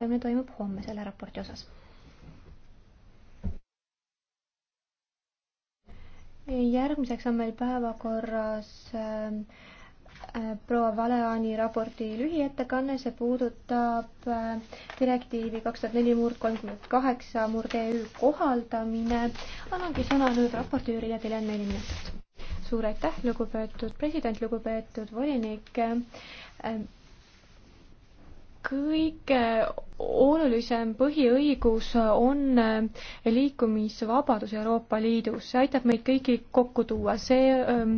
hääletamine toimub homme selle raporti osas. järgmiseks on meil päevakorras äh, äh, proua Valeani raporti lühiettekanne, see puudutab äh, direktiivi kaks tuhat neli murd kolmkümmend kaheksa murd EÜ kohaldamine. annangi sõna nüüd raportöörile, teil on neli minutit. suur aitäh, lugupeetud president, lugupeetud volinik äh, kõik äh, olulisem põhiõigus on äh, liikumisvabadus Euroopa Liidus, see aitab meid kõiki kokku tuua, see ähm,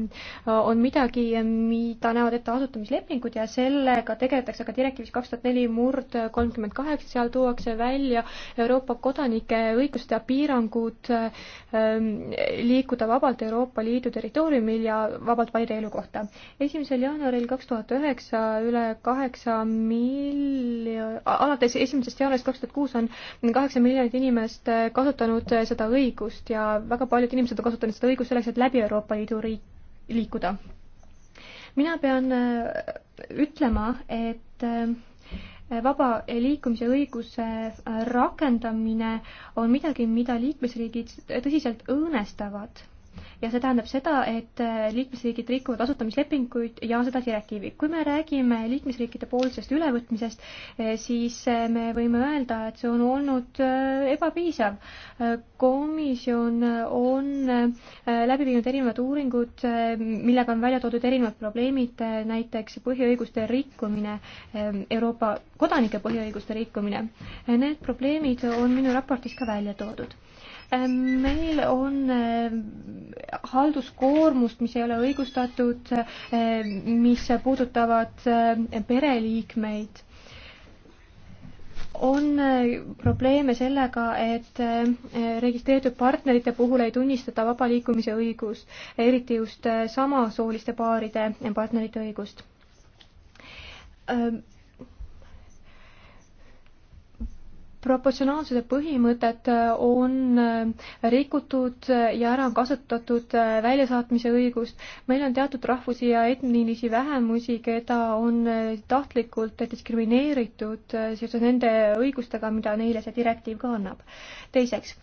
on midagi, mida näevad ette asutamislepingud ja sellega tegeletakse ka direktiivis kaks tuhat neli murd kolmkümmend kaheksa, seal tuuakse välja Euroopa kodanike õigused ja piirangud ähm, liikuda vabalt Euroopa Liidu territooriumil ja vabalt valida elukohta. esimesel jaanuaril kaks tuhat üheksa üle kaheksa miljon, alates esimesest jaanuarist kaks tuhat kuus on kaheksa miljonit inimest äh, kasutanud äh, seda õigust ja väga paljud inimesed on kasutanud seda õigust selleks, et läbi Euroopa Liidu riik liikuda. mina pean äh, ütlema, et vaba liikumise õiguse rakendamine on midagi, mida liikmesriigid tõsiselt õõnestavad ja see tähendab seda, et äh, liikmesriigid rikuvad asutamislepinguid ja seda direktiivi. kui me räägime liikmesriikide poolsest ülevõtmisest, äh, siis äh, me võime öelda, et see on olnud ebapiisav. komisjon on läbi viinud erinevad uuringud, millega on välja toodud erinevad probleemid, näiteks põhiõiguste rikkumine, Euroopa kodanike põhiõiguste rikkumine. Need probleemid on minu raportis ka välja toodud Äh, meil on äh, halduskoormust, mis ei ole õigustatud, äh, mis puudutavad pereliikmeid. on probleeme sellega, et registreeritud partnerite puhul ei tunnistata vaba liikumise õigust, eriti just samasooliste paaride partnerite õigust proportsionaalsuse põhimõtet on rikutud ja ära on kasutatud väljasaatmise õigust. meil on teatud rahvusi ja etnilisi vähemusi, keda on tahtlikult diskrimineeritud seoses nende õigustega, mida neile see direktiiv ka annab. teiseks,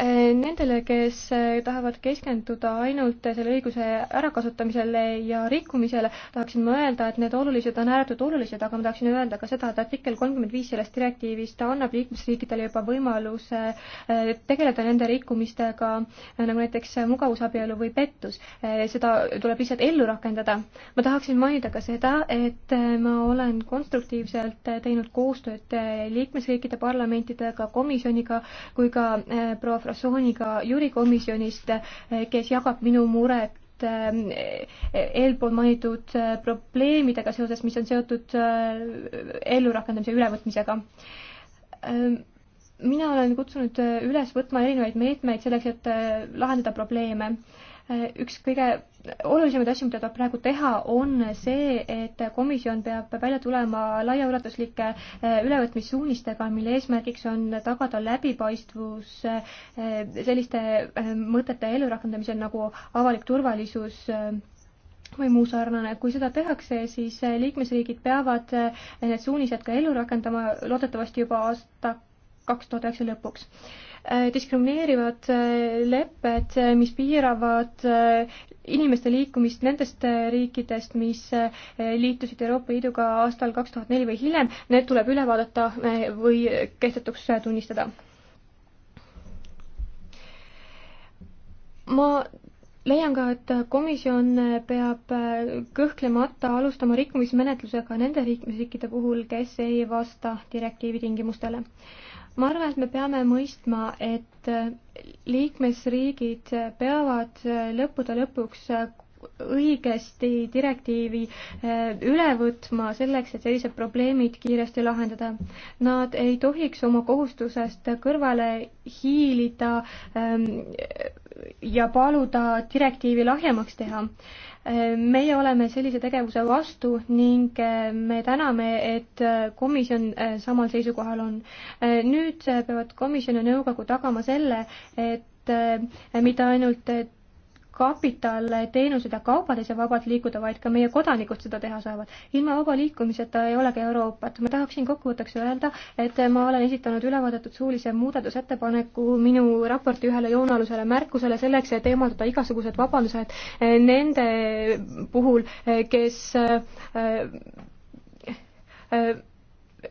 Äh, nendele, kes äh, tahavad keskenduda ainult äh, selle õiguse ärakasutamisele ja rikkumisele, tahaksin ma öelda, et need olulised on ääretult olulised, aga ma tahaksin öelda ka seda, et artikkel kolmkümmend viis sellest direktiivist annab liikmesriikidele juba võimaluse tegeleda nende rikkumistega, nagu näiteks mugavusabielu või pettus. seda tuleb lihtsalt ellu rakendada. ma tahaksin mainida ka seda, et ma olen konstruktiivselt teinud koostööd liikmesriikide parlamentidega, komisjoniga kui ka proua Frassooniga Jüri komisjonist, kes jagab minu muret eh, eelpool mainitud eh, probleemidega seoses, mis on seotud eh, ellurakendamise ülevõtmisega. Ehm, mina olen kutsunud üles võtma erinevaid meetmeid selleks, et lahendada probleeme üks kõige olulisemaid asju, mida tuleb praegu teha, on see, et komisjon peab välja tulema laiaulatuslike äh, ülevõtmissuunistega, mille eesmärgiks on tagada läbipaistvus äh, selliste äh, mõtete ellurakendamisel nagu avalik turvalisus või muu sarnane, kui seda tehakse, siis liikmesriigid peavad need suunised ka ellu rakendama loodetavasti juba aasta kaks tuhat üheksa lõpuks Äh, diskrimineerivad äh, lepped, äh, mis piiravad inimeste liikumist nendest riikidest, mis liitusid Euroopa Liiduga aastal kaks tuhat neli või hiljem, need tuleb üle vaadata või kehtetuks tunnistada. ma leian ka, et komisjon peab äh, kõhklemata alustama rikkumismenetlusega nende liikmesriikide puhul, kes ei vasta direktiivi tingimustele. ma arvan, et me peame mõistma, et äh, liikmesriigid peavad äh, lõppude lõpuks õigesti direktiivi eh, üle võtma selleks, et sellised probleemid kiiresti lahendada. Nad ei tohiks oma kohustusest kõrvale hiilida ehm, ja paluda direktiivi lahjemaks teha. Eh, meie oleme sellise tegevuse vastu ning eh, me täname, et komisjon samal seisukohal on. nüüd peavad komisjon ja nõukogu tagama selle, et mitte ainult kapital, teenused ja kaubad ei saa vabalt liikuda, vaid ka meie kodanikud seda teha saavad. ilma vaba liikumiseta ei olegi Euroopat. ma tahaksin kokkuvõtteks öelda, et ma olen esitanud ülevaadatud suulise muudatusettepaneku minu raporti ühele joonalusele märkusele selleks, et eemaldada igasugused vabandused eh, nende puhul, eh, kes äh, äh,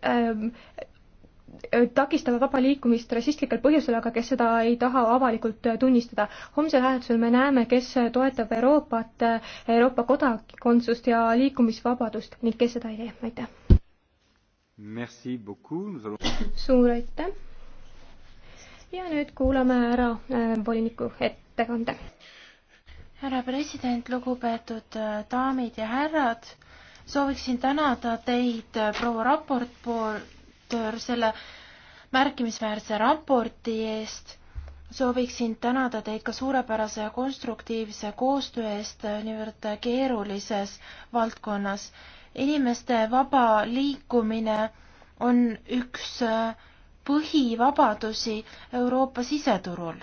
äh, takistavad vaba liikumist rassistlikel põhjusel, aga kes seda ei taha avalikult äh, tunnistada. homsel hääletusel me näeme, kes äh, toetab Euroopat, äh, Euroopa kodakondsust ja liikumisvabadust ning kes seda ei tee, aitäh. Allons... suur aitäh. ja nüüd kuulame ära voliniku ettekande. härra president, lugupeetud daamid ja härrad, sooviksin tänada teid proua raportpool raportöör selle märkimisväärse raporti eest. sooviksin tänada teid ka suurepärase ja konstruktiivse koostöö eest niivõrd keerulises valdkonnas. inimeste vaba liikumine on üks äh, põhivabadusi Euroopa siseturul.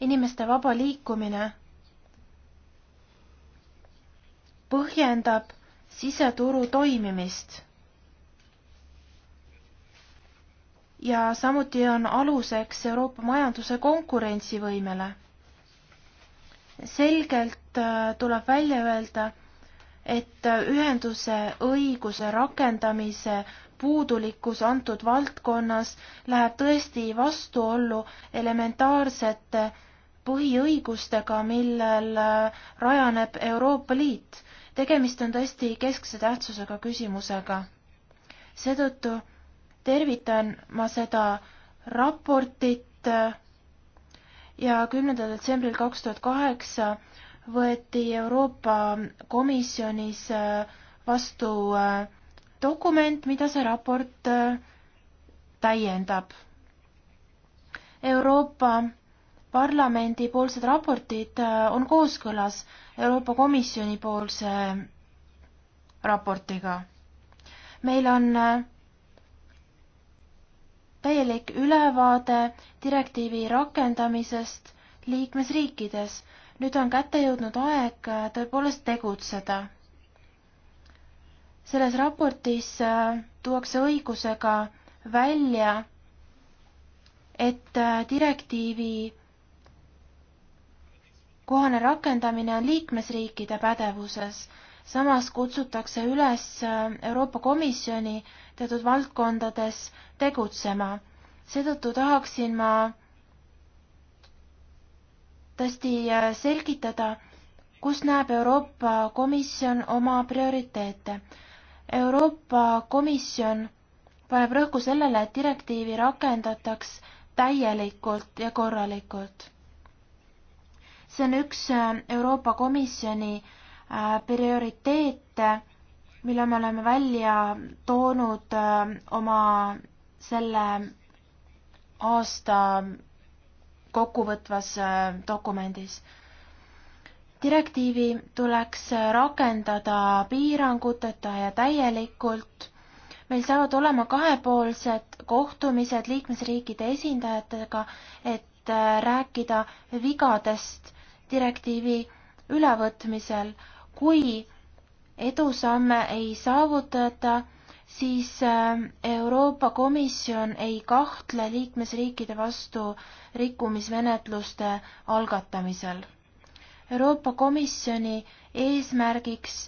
inimeste vaba liikumine põhjendab siseturu toimimist ja samuti on aluseks Euroopa majanduse konkurentsivõimele. selgelt äh, tuleb välja öelda, et ühenduse õiguse rakendamise puudulikkus antud valdkonnas läheb tõesti vastuollu elementaarsete põhiõigustega, millel äh, rajaneb Euroopa Liit. tegemist on tõesti keskse tähtsusega küsimusega. seetõttu tervitan ma seda raportit ja kümnendal detsembril kaks tuhat kaheksa võeti Euroopa Komisjonis äh, vastu äh, dokument, mida see raport äh, täiendab. Euroopa Parlamendi poolsed raportid on kooskõlas Euroopa Komisjoni poolse raportiga. meil on täielik ülevaade direktiivi rakendamisest liikmesriikides. nüüd on kätte jõudnud aeg äh, tõepoolest tegutseda. selles raportis äh, tuuakse õigusega välja, et äh, direktiivi kohane rakendamine on liikmesriikide pädevuses samas kutsutakse üles äh, Euroopa Komisjoni teatud valdkondades tegutsema. seetõttu tahaksin ma tõesti äh, selgitada, kus näeb Euroopa Komisjon oma prioriteete. Euroopa Komisjon paneb rõhku sellele, et direktiivi rakendataks täielikult ja korralikult. see on üks äh, Euroopa Komisjoni Äh, prioriteete, mille me oleme välja toonud äh, oma selle aasta kokkuvõtvas äh, dokumendis. direktiivi tuleks rakendada piiranguteta ja täielikult. meil saavad olema kahepoolsed kohtumised liikmesriikide esindajatega, et rääkida vigadest direktiivi ülevõtmisel kui edusamme ei saavutata, siis äh, Euroopa Komisjon ei kahtle liikmesriikide vastu rikkumismenetluste algatamisel. Euroopa Komisjoni eesmärgiks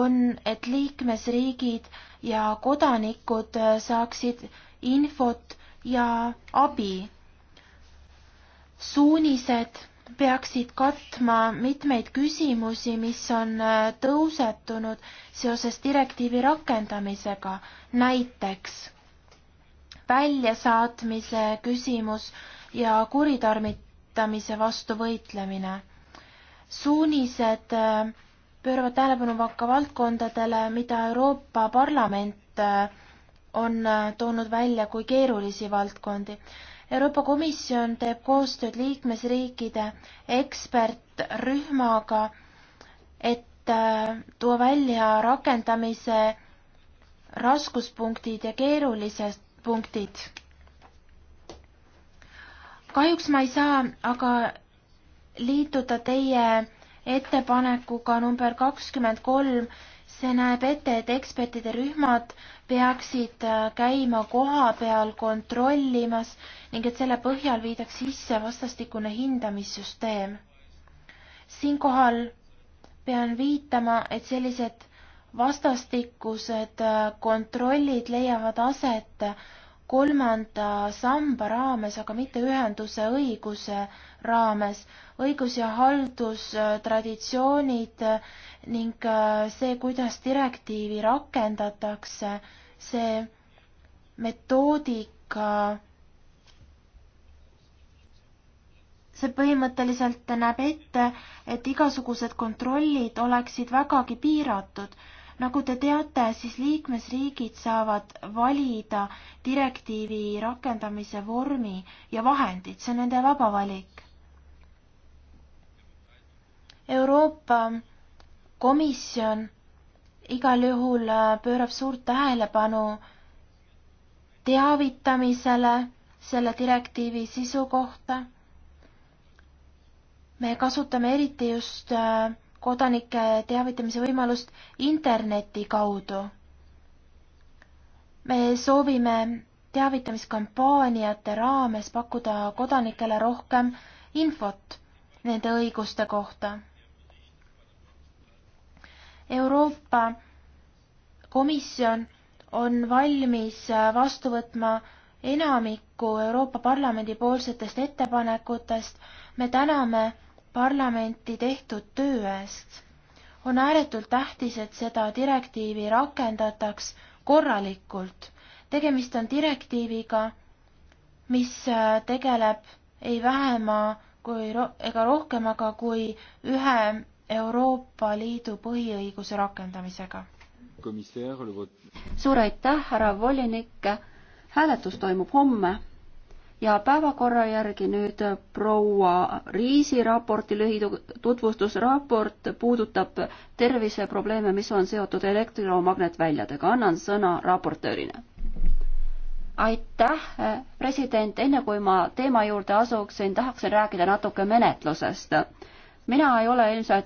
on, et liikmesriigid ja kodanikud äh, saaksid infot ja abi. suunised peaksid katma mitmeid küsimusi, mis on äh, tõusetunud seoses direktiivi rakendamisega, näiteks väljasaatmise küsimus ja kuritarvitamise vastu võitlemine. suunised äh, pööravad tähelepanu ka valdkondadele, mida Euroopa Parlament äh, on toonud välja kui keerulisi valdkondi Euroopa Komisjon teeb koostööd liikmesriikide ekspertrühmaga, et äh, tuua välja rakendamise raskuspunktid ja keerulised punktid. kahjuks ma ei saa aga liituda teie ettepanekuga number kakskümmend kolm see näeb ette, et ekspertide rühmad peaksid äh, käima koha peal kontrollimas ning et selle põhjal viidaks sisse vastastikune hindamissüsteem. siinkohal pean viitama, et sellised vastastikused äh, kontrollid leiavad aset kolmanda samba raames, aga mitte ühenduse õiguse raames. õigus- ja haldustraditsioonid ning äh, see, kuidas direktiivi rakendatakse, see metoodika, see põhimõtteliselt näeb ette, et igasugused kontrollid oleksid vägagi piiratud nagu te teate, siis liikmesriigid saavad valida direktiivi rakendamise vormi ja vahendid, see on nende vaba valik. Euroopa Komisjon igal juhul äh, pöörab suurt tähelepanu teavitamisele selle direktiivi sisu kohta. me kasutame eriti just äh, kodanike teavitamise võimalust interneti kaudu. me soovime teavitamiskampaaniate raames pakkuda kodanikele rohkem infot nende õiguste kohta Euroopa Komisjon on valmis äh, vastu võtma enamikku Euroopa Parlamendi poolsetest ettepanekutest. me täname parlamenti tehtud töö eest. on ääretult tähtis, et seda direktiivi rakendataks korralikult. tegemist on direktiiviga, mis äh, tegeleb ei vähema kui ro ega rohkem, aga kui ühe Euroopa Liidu põhiõiguse rakendamisega. suur aitäh, härra volinik. hääletus toimub homme ja päevakorra järgi nüüd proua Riisi raporti lühitutvustus. raport puudutab terviseprobleeme, mis on seotud elektromagnetväljadega. annan sõna raportöörile. aitäh, president, enne kui ma teema juurde asuksin, tahaksin rääkida natuke menetlusest mina ei ole ilmselt